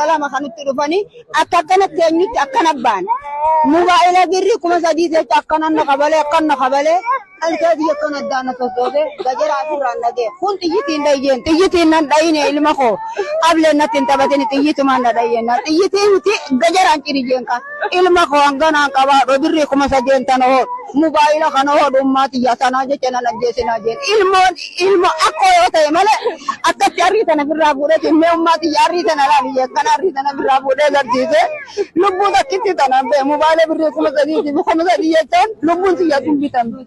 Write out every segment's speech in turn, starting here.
ولكن يجب ان يكون هناك افضل من الكادية كانت دانا تصدق دجر عفور عنا ده خون تيجي دايين تيجي تينا دايين علم خو قبل إن تنتبهين تيجي تمان دايين تيجي تين تي دجر عن كذي جنكا علم خو أنغنا كوا رودري كم سجين تنو موبايل خنو دوما تيجي سنا جي تنا نجي سنا جين علم علم أكو يوتي ملا أتى تياري تنا في رابورة تيم أمم تياري تنا لا بيجي كنا ري تنا في رابورة زرجيز لبودا كتير تنا موبايل بري كم سجين تبي كم سجين تان لبون تيجي تنبي تان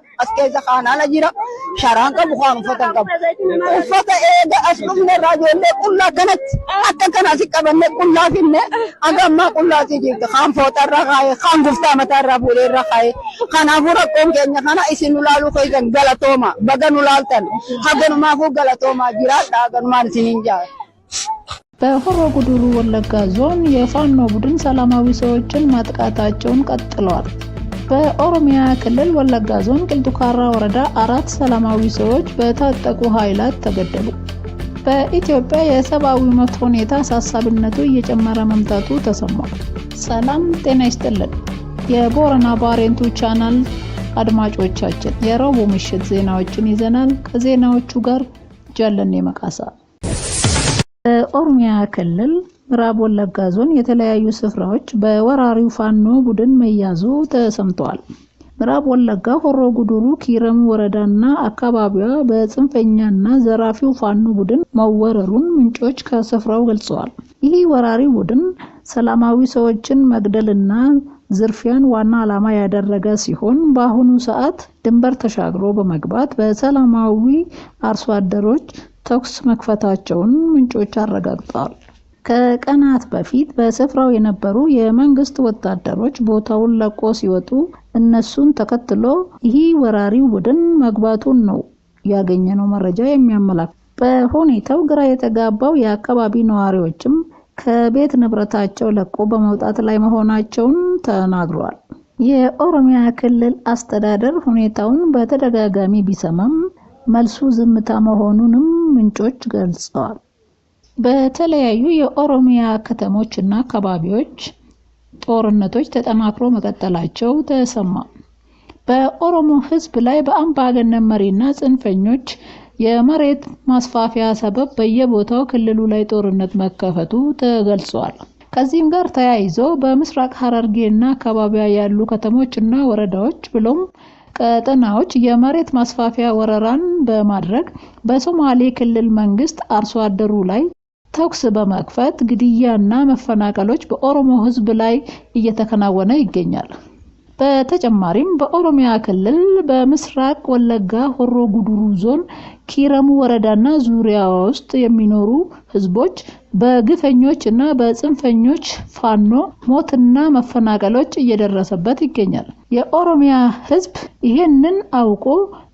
as keessa kaanaa jira. Sharaan qabu waan uffatan qabu. Uffata eega as dhufne irraa ijoollee qullaa kanatti akka kanas qabanne qullaa finne aga ammaa qullaasii jirti. Kaan fooxaa irraa kaa'e, kaan guftaa mataa irraa fuulee irra kaa'e. Kanaafuu rakkoon keenya kana isin ulaaluu keessan galatooma. Baga nu laaltan. Haganumaafuu galatooma jiraadha. Haganumaan isiniin jaala. በሆሮ ጉዱሩ ወለጋ ዞን የፋኖ ቡድን ሰላማዊ ሰዎችን ማጥቃታቸውን ቀጥለዋል። በኦሮሚያ ክልል ወለጋ ዞን ቂልጡካራ ወረዳ አራት ሰላማዊ ሰዎች በታጠቁ ኃይላት ተገደሉ። በኢትዮጵያ የሰብአዊ መብት ሁኔታ አሳሳቢነቱ እየጨመረ መምጣቱ ተሰማል። ሰላም ጤና ይስጥልን። የቦረና ባሬንቱ ቻናል አድማጮቻችን የረቡዕ ምሽት ዜናዎችን ይዘናል። ከዜናዎቹ ጋር ጃለን የመቃሳ በኦሮሚያ ክልል ምዕራብ ወለጋ ዞን የተለያዩ ስፍራዎች በወራሪው ፋኖ ቡድን መያዙ ተሰምተዋል። ምዕራብ ወለጋ ሆሮ ጉዱሩ ኪረም ወረዳና አካባቢዋ በጽንፈኛና ዘራፊው ፋኖ ቡድን መወረሩን ምንጮች ከስፍራው ገልጸዋል። ይህ ወራሪ ቡድን ሰላማዊ ሰዎችን መግደልና ዝርፊያን ዋና ዓላማ ያደረገ ሲሆን በአሁኑ ሰዓት ድንበር ተሻግሮ በመግባት በሰላማዊ አርሶ አደሮች ተኩስ መክፈታቸውን ምንጮች አረጋግጠዋል። ከቀናት በፊት በስፍራው የነበሩ የመንግስት ወታደሮች ቦታውን ለቆ ሲወጡ እነሱን ተከትሎ ይህ ወራሪው ቡድን መግባቱን ነው ያገኘነው መረጃ የሚያመላክት። በሁኔታው ግራ የተጋባው የአካባቢ ነዋሪዎችም ከቤት ንብረታቸው ለቆ በመውጣት ላይ መሆናቸውን ተናግረዋል። የኦሮሚያ ክልል አስተዳደር ሁኔታውን በተደጋጋሚ ቢሰማም መልሱ ዝምታ መሆኑንም ምንጮች ገልጸዋል። በተለያዩ የኦሮሚያ ከተሞች እና አካባቢዎች ጦርነቶች ተጠናክሮ መቀጠላቸው ተሰማ። በኦሮሞ ሕዝብ ላይ በአምባገነን መሪና ጽንፈኞች የመሬት ማስፋፊያ ሰበብ በየቦታው ክልሉ ላይ ጦርነት መከፈቱ ተገልጿል። ከዚህም ጋር ተያይዞ በምስራቅ ሐረርጌና አካባቢያ ያሉ ከተሞች እና ወረዳዎች ብሎም ቀጠናዎች የመሬት ማስፋፊያ ወረራን በማድረግ በሶማሌ ክልል መንግስት አርሶ አደሩ ላይ ተኩስ በመክፈት ግድያና መፈናቀሎች በኦሮሞ ህዝብ ላይ እየተከናወነ ይገኛል። በተጨማሪም በኦሮሚያ ክልል በምስራቅ ወለጋ ሆሮ ጉዱሩ ዞን ኪረሙ ወረዳና ዙሪያ ውስጥ የሚኖሩ ህዝቦች በግፈኞች እና በጽንፈኞች ፋኖ ሞትና መፈናቀሎች እየደረሰበት ይገኛል። የኦሮሚያ ህዝብ ይህንን አውቆ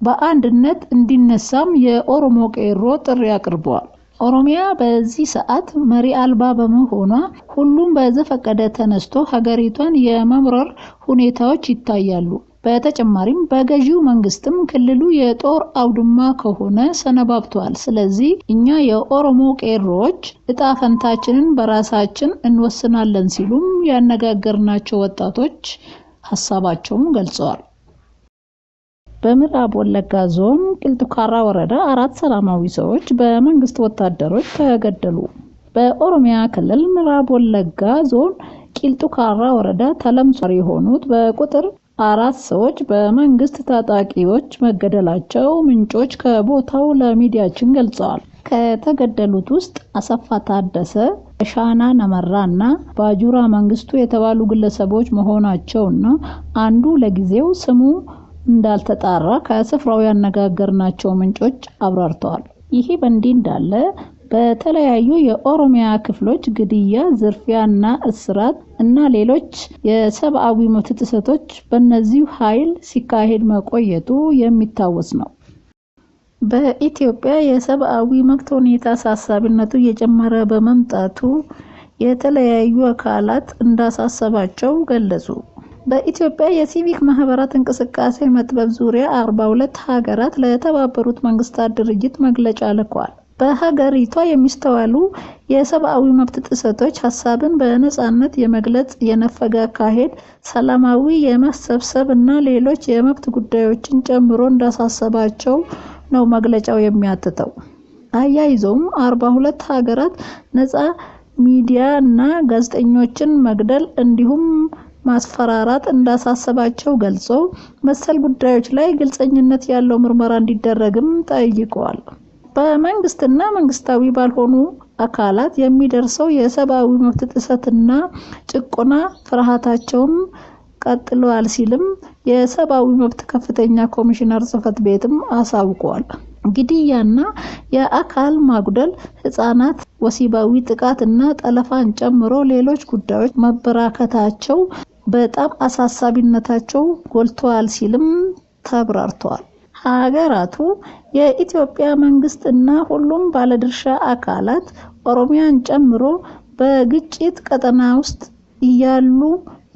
በአንድነት እንዲነሳም የኦሮሞ ቄሮ ጥሪ አቅርበዋል። ኦሮሚያ በዚህ ሰዓት መሪ አልባ በመሆኗ ሁሉም በዘፈቀደ ተነስቶ ሀገሪቷን የመምረር ሁኔታዎች ይታያሉ። በተጨማሪም በገዢው መንግስትም ክልሉ የጦር አውድማ ከሆነ ሰነባብተዋል። ስለዚህ እኛ የኦሮሞ ቄሮዎች እጣ ፈንታችንን በራሳችን እንወስናለን ሲሉም ያነጋገርናቸው ወጣቶች ሀሳባቸውም ገልጸዋል። በምዕራብ ወለጋ ዞን ቂልጡካራ ወረዳ አራት ሰላማዊ ሰዎች በመንግስት ወታደሮች ተገደሉ። በኦሮሚያ ክልል ምዕራብ ወለጋ ዞን ቂልጡካራ ወረዳ ተለምሷሪ የሆኑት በቁጥር አራት ሰዎች በመንግስት ታጣቂዎች መገደላቸው ምንጮች ከቦታው ለሚዲያችን ገልጸዋል። ከተገደሉት ውስጥ አሰፋ ታደሰ፣ ሻና ነመራ እና ባጁራ መንግስቱ የተባሉ ግለሰቦች መሆናቸውና አንዱ ለጊዜው ስሙ እንዳልተጣራ ከስፍራው ያነጋገርናቸው ምንጮች አብራርተዋል። ይሄ በእንዲህ እንዳለ በተለያዩ የኦሮሚያ ክፍሎች ግድያ፣ ዝርፊያ እስራት እና ሌሎች የሰብአዊ መብት ጥሰቶች በእነዚሁ ኃይል ሲካሄድ መቆየቱ የሚታወስ ነው። በኢትዮጵያ የሰብአዊ መብት ሁኔታ አሳሳቢነቱ እየጨመረ በመምጣቱ የተለያዩ አካላት እንዳሳሰባቸው ገለጹ። በኢትዮጵያ የሲቪክ ማህበራት እንቅስቃሴ መጥበብ ዙሪያ 42 ሀገራት ለተባበሩት መንግስታት ድርጅት መግለጫ ልኳል። በሀገሪቷ የሚስተዋሉ የሰብአዊ መብት ጥሰቶች፣ ሀሳብን በነጻነት የመግለጽ የነፈገ አካሄድ፣ ሰላማዊ የመሰብሰብ እና ሌሎች የመብት ጉዳዮችን ጨምሮ እንዳሳሰባቸው ነው መግለጫው የሚያትተው። አያይዘውም ሁለት ሀገራት ነጻ ሚዲያ እና ጋዜጠኞችን መግደል እንዲሁም ማስፈራራት እንዳሳሰባቸው ገልጾ መሰል ጉዳዮች ላይ ግልጸኝነት ያለው ምርመራ እንዲደረግም ጠይቀዋል። በመንግስትና መንግስታዊ ባልሆኑ አካላት የሚደርሰው የሰብአዊ መብት ጥሰትና ጭቆና ፍርሃታቸውም ቀጥለዋል ሲልም የሰብአዊ መብት ከፍተኛ ኮሚሽነር ጽህፈት ቤትም አሳውቋል። ግድያና የአካል ማጉደል፣ ህጻናት ወሲባዊ ጥቃት እና ጠለፋን ጨምሮ ሌሎች ጉዳዮች መበራከታቸው በጣም አሳሳቢነታቸው ጎልተዋል ሲልም ተብራርተዋል። ሀገራቱ የኢትዮጵያ መንግስት እና ሁሉም ባለድርሻ አካላት ኦሮሚያን ጨምሮ በግጭት ቀጠና ውስጥ እያሉ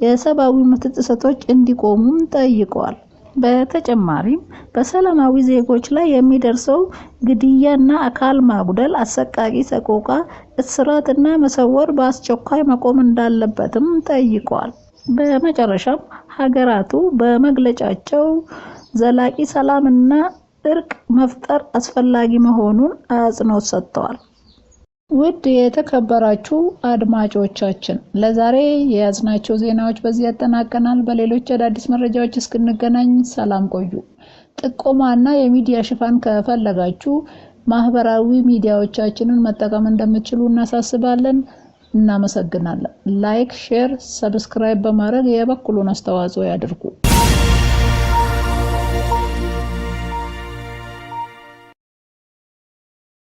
የሰብአዊ መብት ጥሰቶች እንዲቆሙም ጠይቀዋል። በተጨማሪም በሰላማዊ ዜጎች ላይ የሚደርሰው ግድያና አካል ማጉደል፣ አሰቃቂ ሰቆቃ፣ እስራትና መሰወር በአስቸኳይ መቆም እንዳለበትም ጠይቋል። በመጨረሻም ሀገራቱ በመግለጫቸው ዘላቂ ሰላምና እርቅ መፍጠር አስፈላጊ መሆኑን አጽንኦት ሰጥተዋል። ውድ የተከበራችሁ አድማጮቻችን ለዛሬ የያዝናቸው ዜናዎች በዚህ ያጠናቀናል። በሌሎች አዳዲስ መረጃዎች እስክንገናኝ ሰላም ቆዩ። ጥቆማና የሚዲያ ሽፋን ከፈለጋችሁ ማህበራዊ ሚዲያዎቻችንን መጠቀም እንደምትችሉ እናሳስባለን። እናመሰግናለን። ላይክ፣ ሼር፣ ሰብስክራይብ በማድረግ የበኩሉን አስተዋጽኦ ያድርጉ።